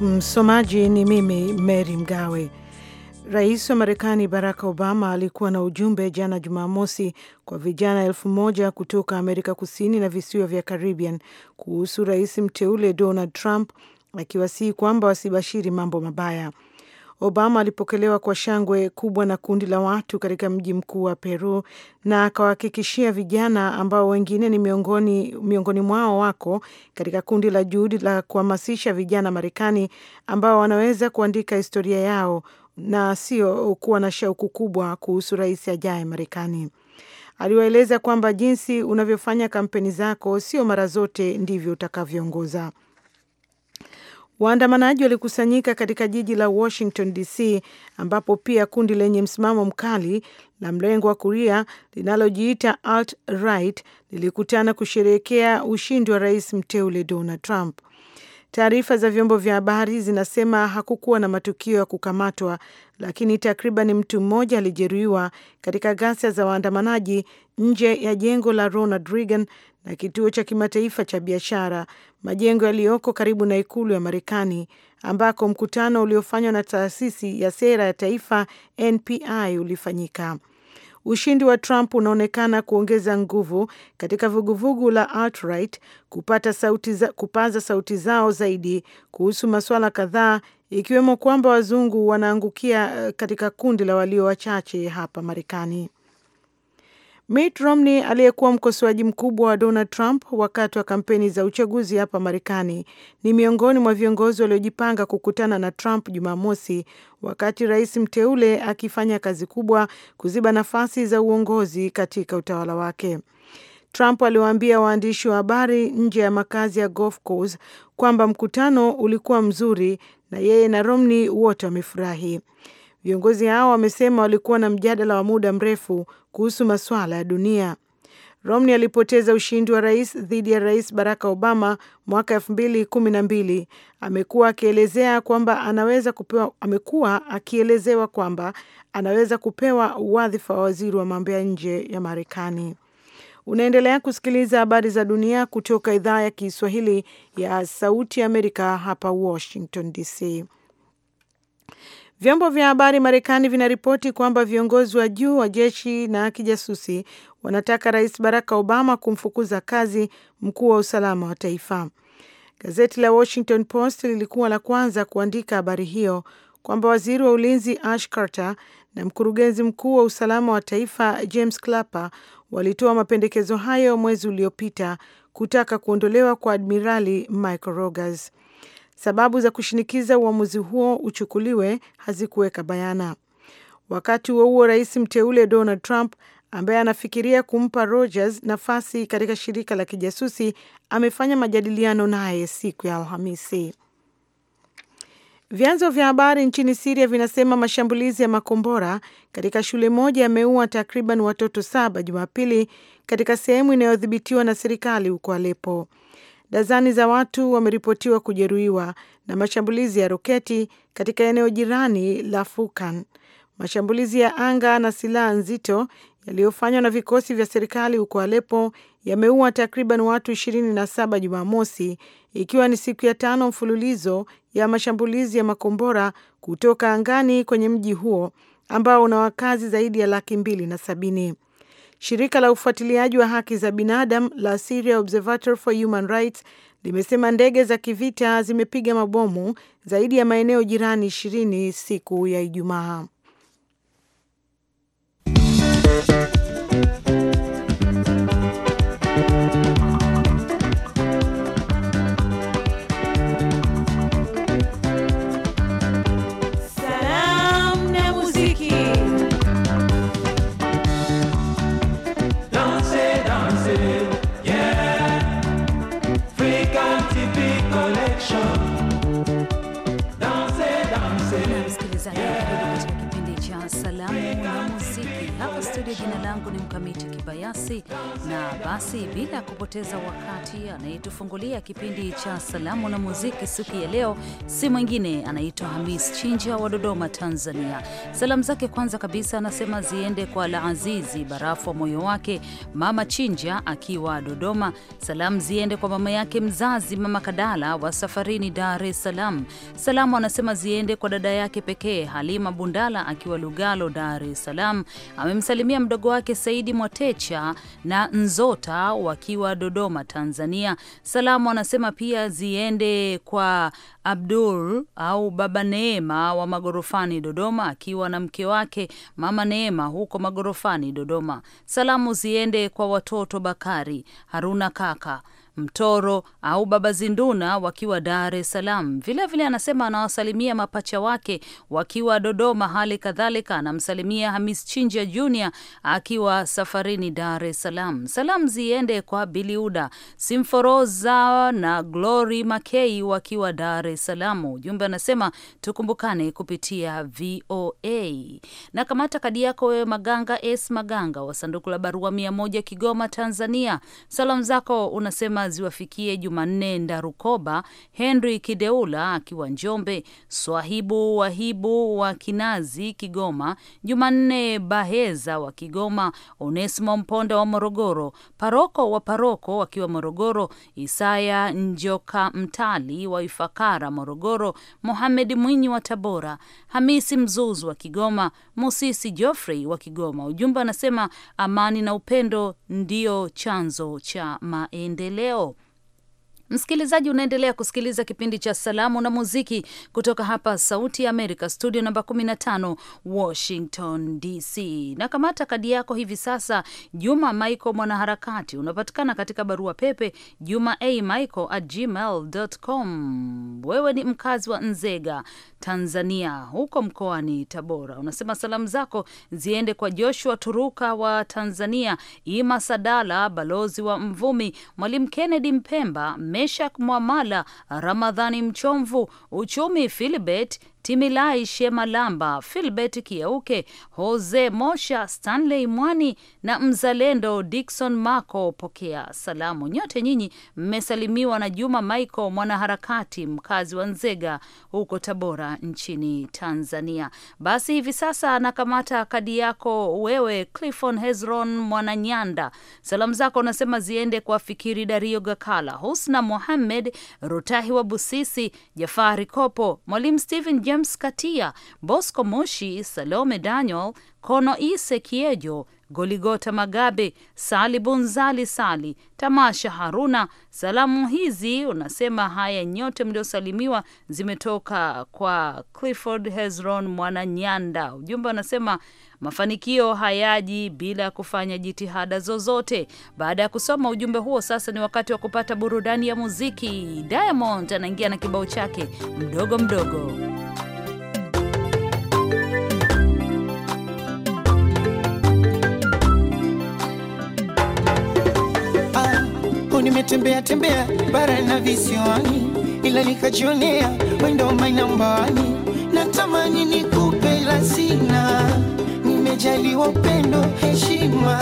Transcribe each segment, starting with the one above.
Msomaji ni mimi Mary Mgawe. Rais wa Marekani Barack Obama alikuwa na ujumbe jana Jumamosi kwa vijana elfu moja kutoka Amerika Kusini na visiwa vya Caribbean kuhusu rais mteule Donald Trump, akiwasihi kwamba wasibashiri mambo mabaya. Obama alipokelewa kwa shangwe kubwa na kundi la watu katika mji mkuu wa Peru na akawahakikishia vijana ambao wengine ni miongoni, miongoni mwao wako katika kundi la juhudi la kuhamasisha vijana Marekani ambao wanaweza kuandika historia yao na sio kuwa na shauku kubwa kuhusu rais ajaye Marekani. Aliwaeleza kwamba jinsi unavyofanya kampeni zako sio mara zote ndivyo utakavyoongoza. Waandamanaji walikusanyika katika jiji la Washington DC, ambapo pia kundi lenye msimamo mkali la mrengo wa kulia linalojiita alt right lilikutana kusherehekea ushindi wa rais mteule Donald Trump. Taarifa za vyombo vya habari zinasema hakukuwa na matukio ya kukamatwa, lakini takriban mtu mmoja alijeruhiwa katika ghasia za waandamanaji nje ya jengo la Ronald Reagan na kituo cha kimataifa cha biashara, majengo yaliyoko karibu na ikulu ya Marekani, ambako mkutano uliofanywa na taasisi ya sera ya taifa NPI ulifanyika. Ushindi wa Trump unaonekana kuongeza nguvu katika vuguvugu la alt-right kupata sauti za, kupaza sauti zao zaidi kuhusu masuala kadhaa ikiwemo kwamba wazungu wanaangukia eh, katika kundi la walio wachache hapa Marekani. Mitt Romney aliyekuwa mkosoaji mkubwa wa Donald Trump wakati wa kampeni za uchaguzi hapa Marekani ni miongoni mwa viongozi waliojipanga kukutana na Trump Jumamosi wakati rais mteule akifanya kazi kubwa kuziba nafasi za uongozi katika utawala wake. Trump aliwaambia waandishi wa habari nje ya makazi ya Golf Course kwamba mkutano ulikuwa mzuri na yeye na Romney wote wamefurahi. Viongozi hao wamesema walikuwa na mjadala wa muda mrefu kuhusu masuala ya dunia. Romney alipoteza ushindi wa rais dhidi ya Rais Barack Obama mwaka elfu mbili kumi na mbili. Amekuwa akielezea kwamba anaweza kupewa, amekuwa akielezewa kwamba anaweza kupewa wadhifa wa waziri wa mambo ya nje ya Marekani. Unaendelea kusikiliza habari za dunia kutoka idhaa ya Kiswahili ya Sauti Amerika hapa Washington DC. Vyombo vya habari Marekani vinaripoti kwamba viongozi wa juu wa jeshi na kijasusi wanataka Rais Barack Obama kumfukuza kazi mkuu wa usalama wa taifa. Gazeti la Washington Post lilikuwa la kwanza kuandika habari hiyo kwamba waziri wa ulinzi Ash Carter na mkurugenzi mkuu wa usalama wa taifa James Clapper walitoa mapendekezo hayo mwezi uliopita kutaka kuondolewa kwa Admirali Michael Rogers. Sababu za kushinikiza uamuzi huo uchukuliwe hazikuweka bayana. Wakati huo huo, rais mteule Donald Trump ambaye anafikiria kumpa Rogers nafasi katika shirika la kijasusi amefanya majadiliano naye siku ya Alhamisi. Vyanzo vya habari nchini Siria vinasema mashambulizi ya makombora katika shule moja yameua takriban watoto saba Jumapili katika sehemu inayodhibitiwa na serikali huko Alepo. Dazani za watu wameripotiwa kujeruhiwa na mashambulizi ya roketi katika eneo jirani la Fukan. Mashambulizi ya anga na silaha nzito yaliyofanywa na vikosi vya serikali huko Alepo yameua takriban watu 27 Jumamosi, ikiwa ni siku ya tano mfululizo ya mashambulizi ya makombora kutoka angani kwenye mji huo ambao una wakazi zaidi ya laki mbili na sabini. Shirika la ufuatiliaji wa haki za binadamu la Syria Observatory for Human Rights limesema ndege za kivita zimepiga mabomu zaidi ya maeneo jirani ishirini siku ya Ijumaa. la, la musique. studio, jina langu ni Mkamiti Kibayasi, na basi bila kupoteza wakati, anayetufungulia kipindi cha salamu na muziki siku ya leo si mwingine anaitwa Hamis Chinja wa Dodoma, Tanzania. Salamu zake kwanza kabisa anasema ziende kwa azizi Barafu wa moyo wake, mama Chinja akiwa Dodoma. Salamu ziende kwa mama yake mzazi, mama Kadala wa safarini Dar es Salaam. Salamu anasema ziende kwa dada yake pekee Halima Bundala akiwa Lugalo, Dar es Salaam. Amemsalimia kumsalimia mdogo wake Saidi Mwatecha na Nzota wakiwa Dodoma, Tanzania. Salamu anasema pia ziende kwa Abdul au Baba Neema wa Magorofani Dodoma, akiwa na mke wake Mama Neema huko Magorofani Dodoma. Salamu ziende kwa watoto Bakari Haruna, kaka Mtoro au Baba Zinduna wakiwa Dar es Salaam. Vilevile anasema anawasalimia mapacha wake wakiwa Dodoma, hali kadhalika anamsalimia Hamis Chinja Junior akiwa safarini Dar es Salaam. Salamu ziende kwa Biliuda Simforoza na Glory Makei wakiwa Dar es Salaam. Ujumbe anasema tukumbukane kupitia VOA na kamata kadi yako wewe, Maganga S Maganga wa sanduku la barua mia moja, Kigoma, Tanzania. Salamu zako unasema ziwafikie Jumanne Ndarukoba Henry Kideula akiwa Njombe, Swahibu Wahibu wa Kinazi Kigoma, Jumanne Baheza wa Kigoma, Onesimo Mponda wa Morogoro, paroko wa paroko akiwa Morogoro, Isaya Njoka Mtali wa Ifakara Morogoro, Mohamed Mwinyi wa Tabora, Hamisi Mzuzu wa Kigoma, Musisi Geoffrey wa Kigoma. Ujumbe anasema amani na upendo ndio chanzo cha maendeleo leo. Msikilizaji, unaendelea kusikiliza kipindi cha Salamu na Muziki kutoka hapa Sauti ya Amerika, studio namba 15 Washington DC. Na kamata kadi yako hivi sasa, Juma Michael mwanaharakati. Unapatikana katika barua pepe juma a michael at gmail.com. Wewe ni mkazi wa Nzega, Tanzania, huko mkoani Tabora. Unasema salamu zako ziende kwa Joshua Turuka wa Tanzania, Ima Sadala, balozi wa Mvumi, Mwalimu Kennedy Mpemba, Meshak Mwamala, Ramadhani Mchomvu, Uchumi Filibet Timilai Shemalamba, Filbert Kiauke, Jose Mosha, Stanley Mwani na mzalendo Dikson Mako. Pokea salamu nyote nyinyi, mmesalimiwa na Juma Michael, mwanaharakati mkazi wa Nzega huko Tabora nchini Tanzania. Basi hivi sasa nakamata kadi yako wewe, Clifon Hezron Mwananyanda. Salamu zako unasema ziende kwa Fikiri Dario Gakala, Husna Mohamed Rutahi wa Busisi, Jafari Kopo, Mwalimu Stephen James James Katia, Bosco Moshi, Salome Daniel, Kono Ise Kiejo, Goligota Magabe, Sali Bunzali, Sali Tamasha, Haruna. Salamu hizi unasema haya nyote mliosalimiwa zimetoka kwa Clifford Hezron Mwananyanda. Ujumbe unasema mafanikio hayaji bila ya kufanya jitihada zozote. Baada ya kusoma ujumbe huo, sasa ni wakati wa kupata burudani ya muziki. Diamond anaingia na kibao chake mdogo mdogo. tembea tembea bara na visiwani, ila nikajionea wendo mainambani, natamani nikupe la sina, nimejaliwa upendo heshima,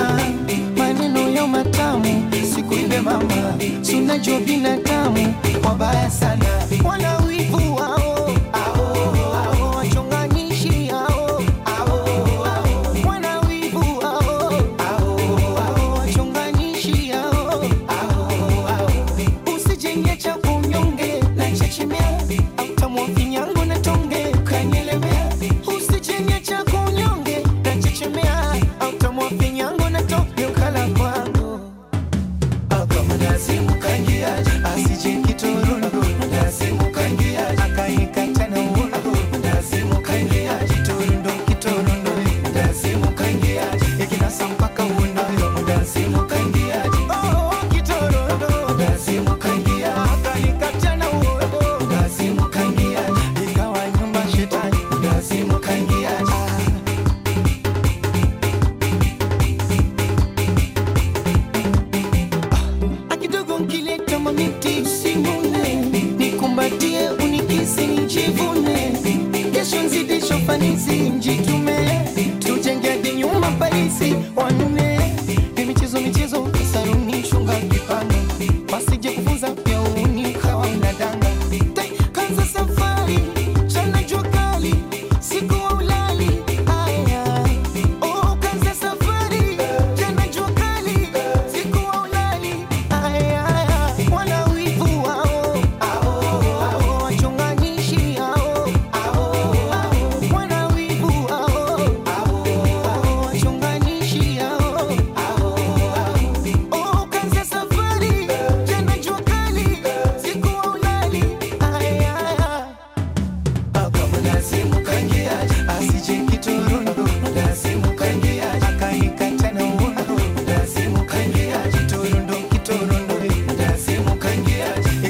maneno ya matamu sikuimbe mama, sunajua binadamu wabaya sana, wanawivua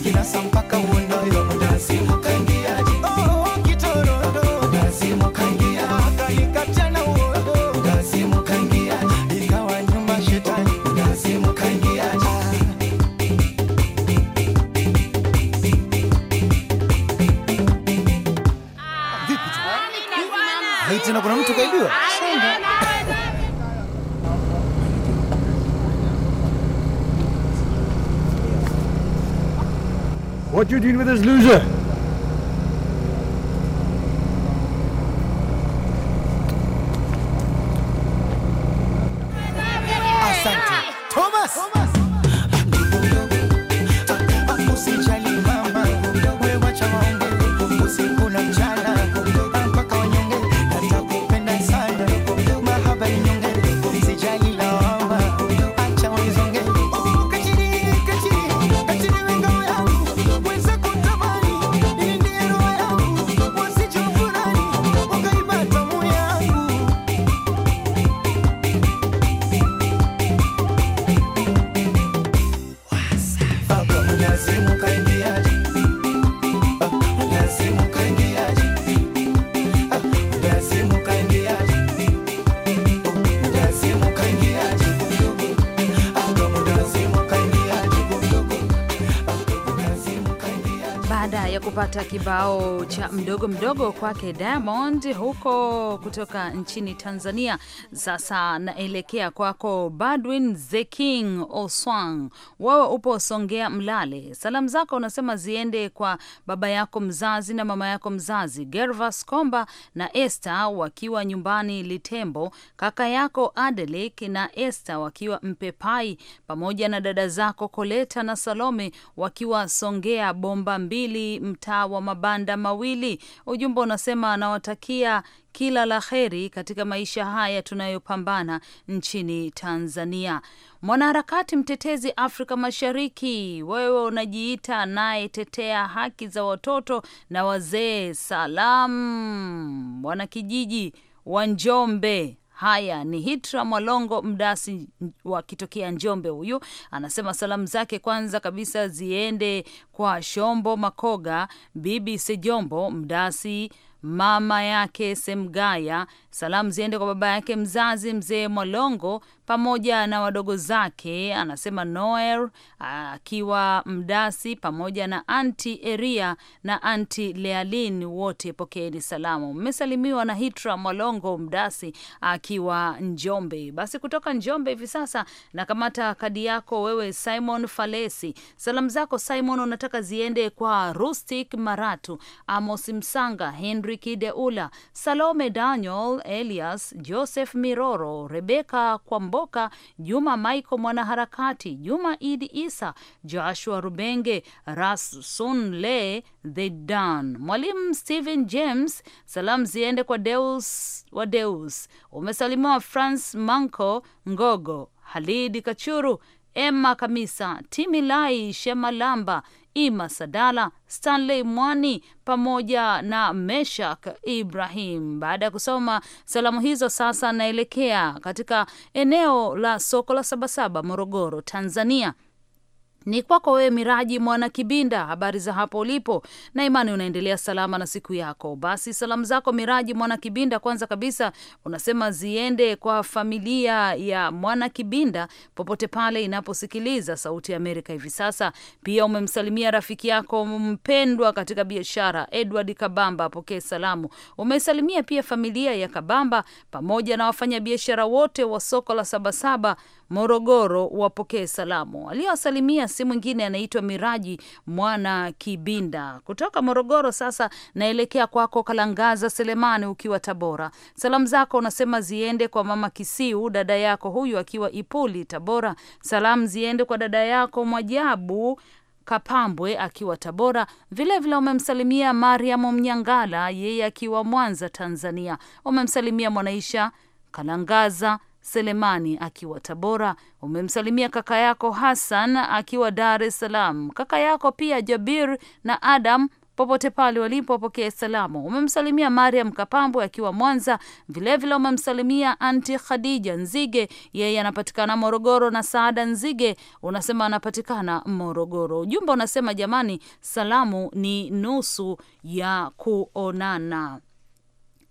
in a some kibao cha mdogo mdogo kwake Diamond huko kutoka nchini Tanzania. Sasa naelekea kwako Badwin the King Oswang, wewe upo Songea Mlale. Salamu zako unasema ziende kwa baba yako mzazi na mama yako mzazi Gervas Komba na Esther wakiwa nyumbani Litembo, kaka yako Adelik na Esther wakiwa Mpepai, pamoja na dada zako Koleta na Salome wakiwa Songea Bomba mbili mtaa wa mabanda mawili. Ujumbe unasema anawatakia kila la heri katika maisha haya tunayopambana nchini Tanzania. Mwanaharakati mtetezi Afrika Mashariki, wewe unajiita anayetetea haki za watoto na wazee, Salam, wanakijiji wa Njombe Haya ni Hitra Mwalongo Mdasi wakitokea Njombe. Huyu anasema salamu zake kwanza kabisa ziende kwa Shombo Makoga, Bibi Sejombo Mdasi, mama yake Semgaya. Salamu ziende kwa baba yake mzazi mzee Mwalongo pamoja na wadogo zake, anasema Noel akiwa mdasi pamoja na anti Eria na anti Lealin, wote pokeeni salamu. Mmesalimiwa na Hitra Mwalongo mdasi akiwa Njombe. Basi kutoka Njombe hivi sasa nakamata kadi yako wewe, Simon Falesi. Salamu zako Simon unataka ziende kwa Rustic Maratu, Amos Msanga, Henry Kideula, Salome Daniel, Elias Joseph Miroro, Rebeka Kwambo Mkomboka, Juma Michael mwanaharakati, Juma Idi Isa, Joshua Rubenge, Rasun Le The Dan, Mwalimu Stephen James. Salamu ziende kwa Deus wa Deus, umesalimiwa France Manco Ngogo, Halidi Kachuru, Emma Kamisa, Timilai Shemalamba, Ima Sadala, Stanley Mwani pamoja na Meshak Ibrahim. Baada ya kusoma salamu hizo, sasa naelekea katika eneo la soko la Sabasaba, Morogoro, Tanzania ni kwako wewe Miraji Mwana Kibinda, habari za hapo ulipo, na imani unaendelea salama na siku yako. Basi salamu zako Miraji Mwana Kibinda, kwanza kabisa unasema ziende kwa familia ya Mwana Kibinda popote pale inaposikiliza Sauti ya Amerika hivi sasa. Pia umemsalimia rafiki yako mpendwa katika biashara Edward Kabamba, apokee salamu. Umesalimia pia familia ya Kabamba pamoja na wafanyabiashara wote wa soko la Sabasaba Morogoro, wapokee salamu. Aliyowasalimia si mwingine anaitwa Miraji Mwana Kibinda kutoka Morogoro. Sasa naelekea kwako Kalangaza Selemani, ukiwa Tabora. Salamu zako unasema ziende kwa mama Kisiu, dada yako huyu akiwa Ipuli, Tabora. Salamu ziende kwa dada yako Mwajabu Kapambwe akiwa Tabora. Vilevile umemsalimia Mariam Mnyangala, yeye akiwa Mwanza, Tanzania. Umemsalimia Mwanaisha Kalangaza Selemani akiwa Tabora, umemsalimia kaka yako Hassan akiwa Dar es Salaam, kaka yako pia Jabir na Adam popote pale walipo wapokee salamu. Umemsalimia Mariam Kapambwe akiwa Mwanza, vilevile umemsalimia anti Khadija Nzige, yeye anapatikana Morogoro, na Saada Nzige unasema anapatikana Morogoro. Ujumbe unasema jamani, salamu ni nusu ya kuonana.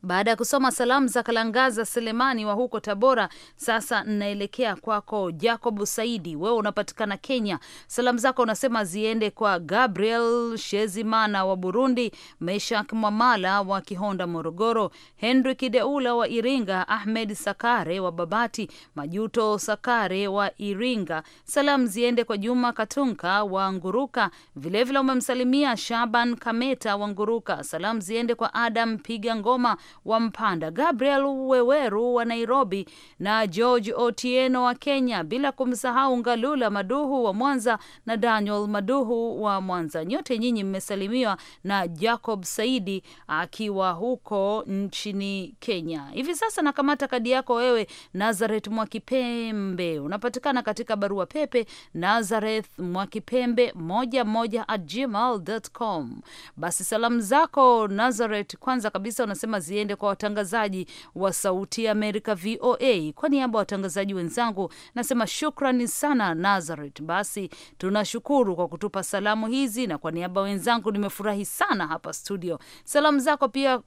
Baada ya kusoma salamu za Kalangaza Selemani wa huko Tabora, sasa naelekea kwako Jacob Saidi, wewe unapatikana Kenya. Salamu zako unasema ziende kwa Gabriel Shezimana wa Burundi, Meshak Mwamala wa Kihonda Morogoro, Henry Kideula wa Iringa, Ahmed Sakare wa Babati, Majuto Sakare wa Iringa. Salamu ziende kwa Juma Katunka wa Nguruka, vilevile umemsalimia Shaban Kameta wa Nguruka. Salamu ziende kwa Adam Piga Ngoma wa Mpanda, Gabriel Weweru wa Nairobi na George Otieno wa Kenya, bila kumsahau Ngalula Maduhu wa Mwanza na Daniel Maduhu wa Mwanza. Nyote nyinyi mmesalimiwa na Jacob Saidi akiwa huko nchini Kenya. Hivi sasa nakamata kadi yako wewe, Nazareth Mwakipembe, unapatikana katika barua pepe Nazareth Mwakipembe moja moja at gmail.com. Basi salamu zako Nazareth, kwanza kabisa unasema zi ziende kwa watangazaji wa Sauti ya Amerika VOA. Kwa niaba ya watangazaji wenzangu nasema shukrani sana Nazareth. Basi tunashukuru kwa kutupa salamu hizi, na kwa niaba wenzangu nimefurahi sana hapa studio. Salamu zako pia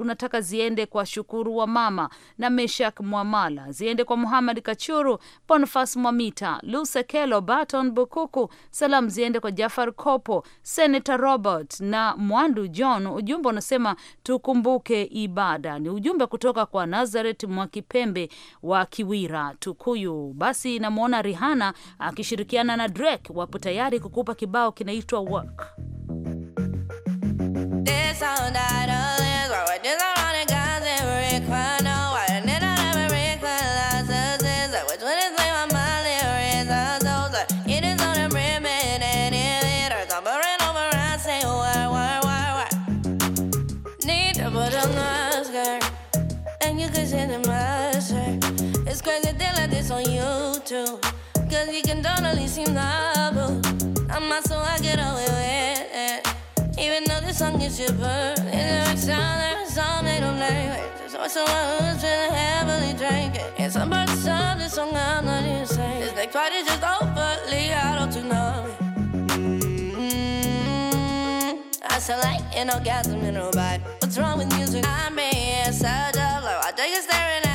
unataka ziende kwa Shukuru wa Mama na Meshak Mwamala, ziende kwa Muhamad Kachuru, Bonfas Mwamita, Lusekelo Baton Bukuku. Salamu ziende kwa Jafar Kopo, Senata Robert na Mwandu John. Ujumbe unasema tukumbuke ibada. Ni ujumbe kutoka kwa Nazaret Mwakipembe wa Kiwira, Tukuyu. Basi namwona Rihana akishirikiana na Drake wapo tayari kukupa kibao kinaitwa Work. worship her in her silence, all native language. It's also a husband heavily drinking. And somebody sung this song, I'm not even saying. This next part is just overtly out to numb. Mm-hmm. I sound like an orgasm in a robot. What's wrong with music? I'm being such a love. I think it's staring at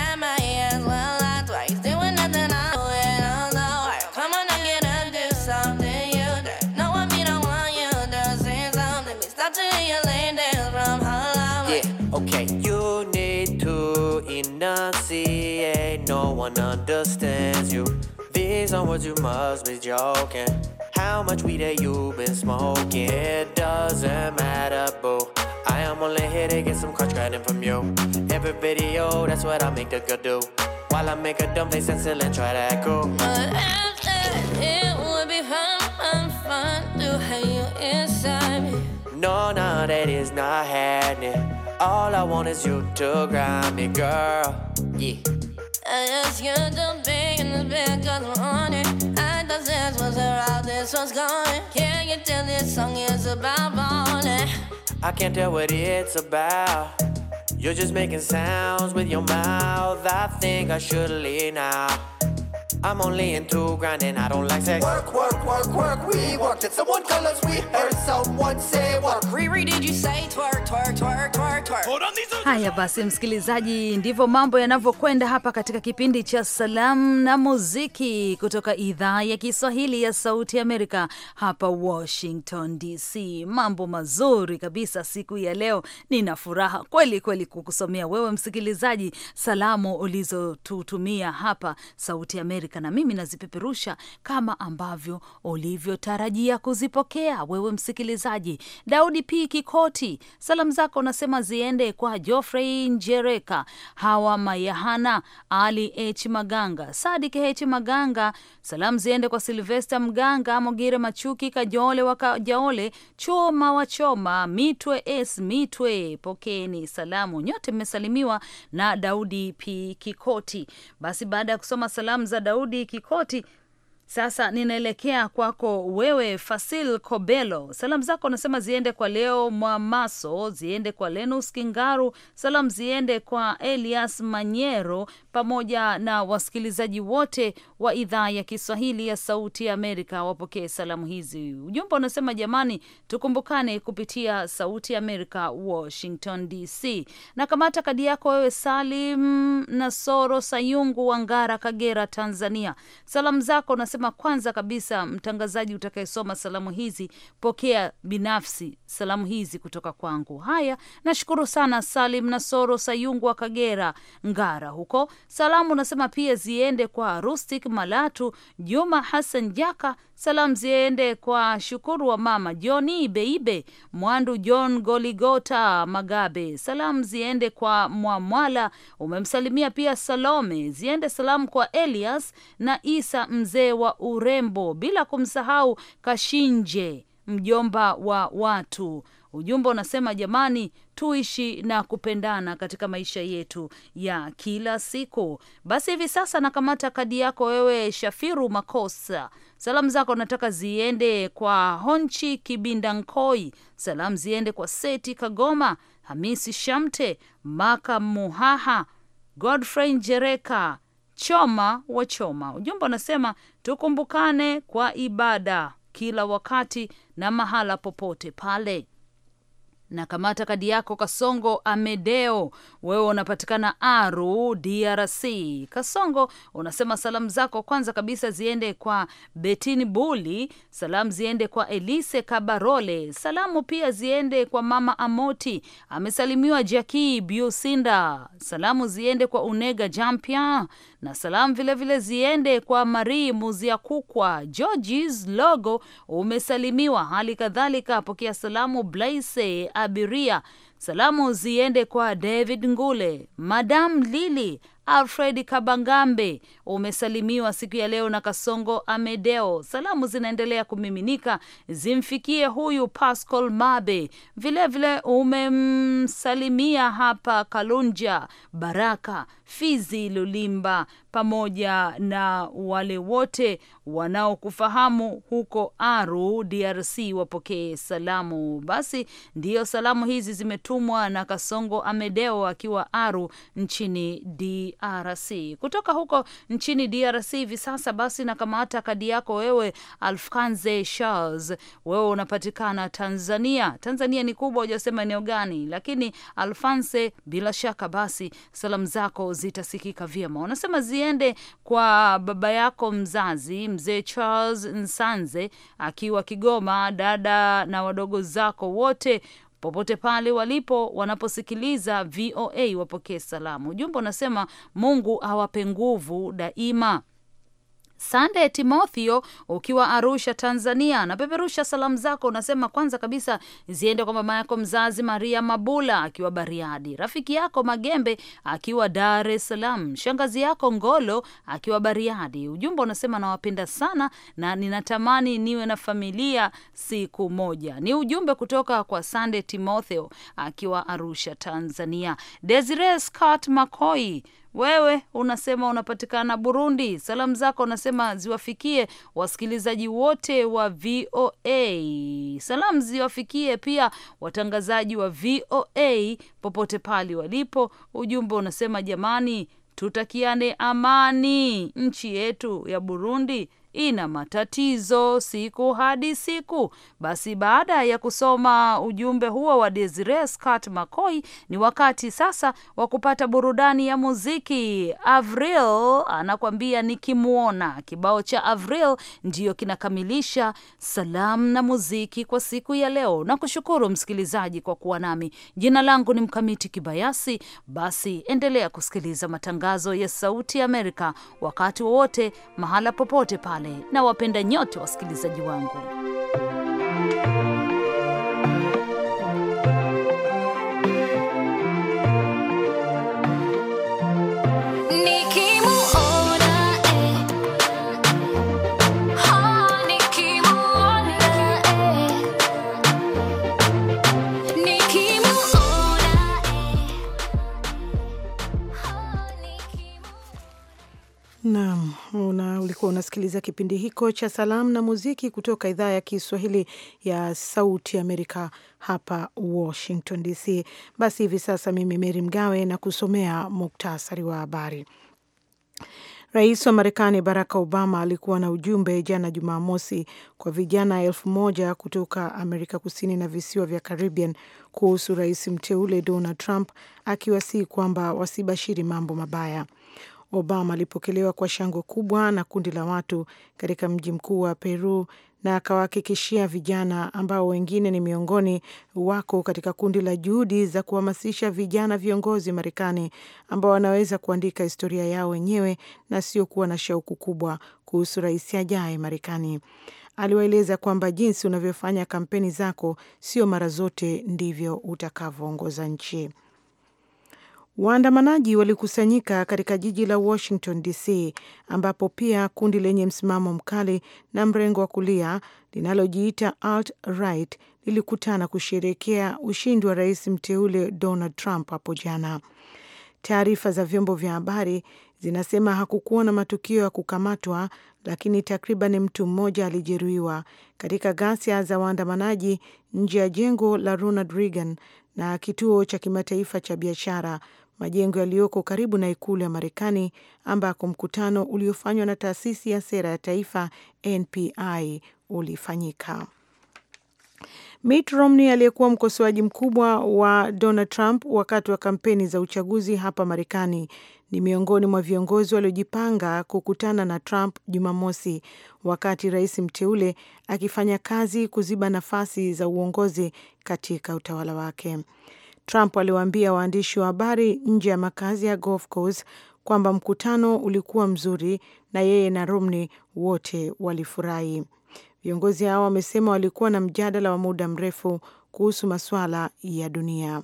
one understands you. These are words you must be joking. How much weed have you been smoking? It doesn't matter, boo. I am only here to get some crunch grinding from you. Every video, that's what I make the girl do. While I make a dumb face and still and try to act cool. But after it would be fun, fun, fun to have you inside me. No, no, that is not happening. All I want is you to grind me, girl. Yeah. I this i I'm on it. I thought this was this was going. Can you tell this song is about I can't tell what it's about. You're just making sounds with your mouth. I think I should leave now. I'm only into grinding, I don't like sex. Work, work, work, work, we worked at someone us? we heard someone say work. Riri, did you say twerk, twerk, twerk, twerk, twerk? Hold on these Haya basi, msikilizaji, ndivyo mambo yanavyokwenda hapa katika kipindi cha salamu na muziki kutoka idhaa ya Kiswahili ya Sauti Amerika hapa Washington DC. Mambo mazuri kabisa siku ya leo, nina furaha kweli kweli kukusomea wewe msikilizaji salamu ulizotutumia hapa Sauti Amerika naziweka na mimi nazipeperusha kama ambavyo ulivyotarajia kuzipokea wewe msikilizaji. Daudi P Kikoti, salamu zako unasema ziende kwa Geoffrey Njereka, Hawa Mayahana, Ali H Maganga, Sadik H Maganga. Salamu ziende kwa Silvesta Mganga, Mogire Machuki, Kajole Wakajaole, Choma Wachoma, Mitwe S Mitwe. Pokeni salamu nyote, mmesalimiwa na Daudi P Kikoti. Basi baada ya kusoma salamu za Daudi Daudi Kikoti. Sasa ninaelekea kwako wewe Fasil Kobelo. Salamu zako nasema ziende kwa Leo Mwamaso, ziende kwa Lenus Kingaru, salamu ziende kwa Elias Manyero, pamoja na wasikilizaji wote wa idhaa ya Kiswahili ya Sauti ya Amerika wapokee salamu hizi. Ujumbe unasema jamani, tukumbukane kupitia Sauti ya Amerika, Washington DC. Na kamata kadi yako wewe, Salim Nasoro Sayungu wa Ngara, Kagera, Tanzania. Salamu zako unasema kwanza kabisa, mtangazaji utakayesoma salamu hizi, pokea binafsi salamu hizi kutoka kwangu. Haya, nashukuru sana Salim Nasoro Sayungu wa Kagera, Ngara huko Salamu unasema pia ziende kwa Rustic Malatu, Juma Hassan Jaka. Salamu ziende kwa Shukuru wa mama Joni Beibe Mwandu, John Goligota Magabe. Salamu ziende kwa Mwamwala, umemsalimia pia Salome. Ziende salamu kwa Elias na Isa mzee wa urembo, bila kumsahau Kashinje mjomba wa watu Ujumbe unasema jamani, tuishi na kupendana katika maisha yetu ya kila siku. Basi hivi sasa nakamata kadi yako wewe, Shafiru Makosa. Salamu zako nataka ziende kwa Honchi Kibinda Nkoi, salamu ziende kwa Seti Kagoma, Hamisi Shamte, Maka Muhaha, Godfrey Njereka, Choma wa Choma. Ujumbe unasema tukumbukane kwa ibada kila wakati na mahala popote pale na kamata kadi yako Kasongo Amedeo, wewe unapatikana Aru, DRC. Kasongo unasema salamu zako kwanza kabisa ziende kwa Betin Buli, salamu ziende kwa Elise Kabarole, salamu pia ziende kwa mama Amoti, amesalimiwa Jaki Biusinda, salamu ziende kwa Unega Jampia na salamu vilevile vile ziende kwa Marie Muzia Kukwa, Georges Logo umesalimiwa, hali kadhalika pokea salamu Blaise abiria. Salamu ziende kwa David Ngule, Madam Lili, Alfred Kabangambe. Umesalimiwa siku ya leo na Kasongo Amedeo. Salamu zinaendelea kumiminika zimfikie huyu Pascal Mabe, vilevile umemsalimia hapa Kalunja Baraka Fizi Lulimba pamoja na wale wote wanaokufahamu huko Aru, DRC wapokee salamu. Basi ndiyo salamu hizi zimetumwa na Kasongo Amedeo akiwa Aru nchini DRC. Kutoka huko nchini DRC hivi sasa basi nakamata kadi yako wewe, Alfkanze Charles, wewe unapatikana Tanzania. Tanzania ni kubwa, hujasema eneo gani, lakini Alfanse, bila shaka basi salamu zako zitasikika vyema. Unasema ziende kwa baba yako mzazi mzee Charles Nsanze akiwa Kigoma, dada na wadogo zako wote popote pale walipo wanaposikiliza VOA wapokee salamu. Ujumbe unasema Mungu awape nguvu daima. Sande Timotheo ukiwa Arusha, Tanzania, napeperusha salamu zako. Unasema kwanza kabisa ziende kwa mama yako mzazi Maria Mabula akiwa Bariadi, rafiki yako Magembe akiwa Dar es Salaam, shangazi yako Ngolo akiwa Bariadi. Ujumbe unasema nawapenda sana na ninatamani niwe na familia siku moja. Ni ujumbe kutoka kwa Sande Timotheo akiwa Arusha, Tanzania. Desire Scott Makoi wewe unasema unapatikana Burundi. Salamu zako unasema ziwafikie wasikilizaji wote wa VOA. Salamu ziwafikie pia watangazaji wa VOA popote pale walipo. Ujumbe unasema jamani, tutakiane amani nchi yetu ya Burundi ina matatizo siku hadi siku. Basi baada ya kusoma ujumbe huo wa Desiree Scott McCoy, ni wakati sasa wa kupata burudani ya muziki. Avril anakwambia nikimwona. Kibao cha Avril ndiyo kinakamilisha salamu na muziki kwa siku ya leo, na kushukuru msikilizaji kwa kuwa nami. Jina langu ni Mkamiti Kibayasi. Basi endelea kusikiliza matangazo ya Sauti Amerika wakati wowote, mahala popote pale na wapenda nyote wasikilizaji wangu. Naam, una ulikuwa unasikiliza kipindi hiko cha salamu na muziki kutoka idhaa ya Kiswahili ya Sauti Amerika hapa Washington DC. Basi hivi sasa mimi Meri Mgawe na kusomea muktasari wa habari. Rais wa Marekani Barack Obama alikuwa na ujumbe jana Jumamosi kwa vijana elfu moja kutoka Amerika Kusini na visiwa vya Caribbean kuhusu rais mteule Donald Trump, akiwasihi kwamba wasibashiri mambo mabaya. Obama alipokelewa kwa shangwe kubwa na kundi la watu katika mji mkuu wa Peru na akawahakikishia vijana ambao wengine ni miongoni wako katika kundi la juhudi za kuhamasisha vijana viongozi Marekani ambao wanaweza kuandika historia yao wenyewe na sio kuwa na shauku kubwa kuhusu rais ajaye Marekani. Aliwaeleza kwamba jinsi unavyofanya kampeni zako, sio mara zote ndivyo utakavyoongoza nchi. Waandamanaji walikusanyika katika jiji la Washington DC, ambapo pia kundi lenye msimamo mkali na mrengo wa kulia linalojiita alt-right lilikutana kusherekea ushindi wa rais mteule Donald Trump hapo jana. Taarifa za vyombo vya habari zinasema hakukuwa na matukio ya kukamatwa, lakini takriban mtu mmoja alijeruhiwa katika ghasia za waandamanaji nje ya jengo la Ronald Reagan na kituo cha kimataifa cha biashara majengo yaliyoko karibu na ikulu ya Marekani ambako mkutano uliofanywa na taasisi ya sera ya taifa NPI ulifanyika. Mitt Romney aliyekuwa mkosoaji mkubwa wa Donald Trump wakati wa kampeni za uchaguzi hapa Marekani ni miongoni mwa viongozi waliojipanga kukutana na Trump Jumamosi, wakati rais mteule akifanya kazi kuziba nafasi za uongozi katika utawala wake. Trump aliwaambia waandishi wa habari nje ya makazi ya Golf Course kwamba mkutano ulikuwa mzuri na yeye na Romney wote walifurahi. Viongozi hao wamesema walikuwa na mjadala wa muda mrefu kuhusu masuala ya dunia.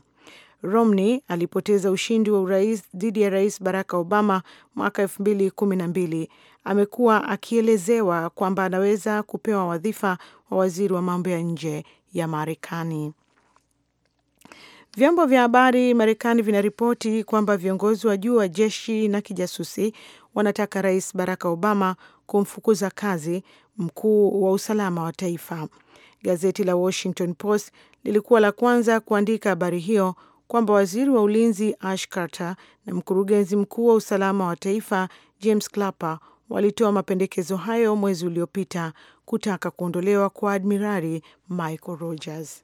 Romney alipoteza ushindi wa urais dhidi ya Rais Barack Obama mwaka elfu mbili kumi na mbili. Amekuwa akielezewa kwamba anaweza kupewa wadhifa wa waziri wa mambo ya nje ya Marekani. Vyombo vya habari Marekani vinaripoti kwamba viongozi wa juu wa jeshi na kijasusi wanataka Rais Barack Obama kumfukuza kazi mkuu wa usalama wa taifa. Gazeti la Washington Post lilikuwa la kwanza kuandika habari hiyo kwamba waziri wa ulinzi Ash Carter na mkurugenzi mkuu wa usalama wa taifa James Clapper walitoa mapendekezo hayo mwezi uliopita kutaka kuondolewa kwa admirali Michael Rogers.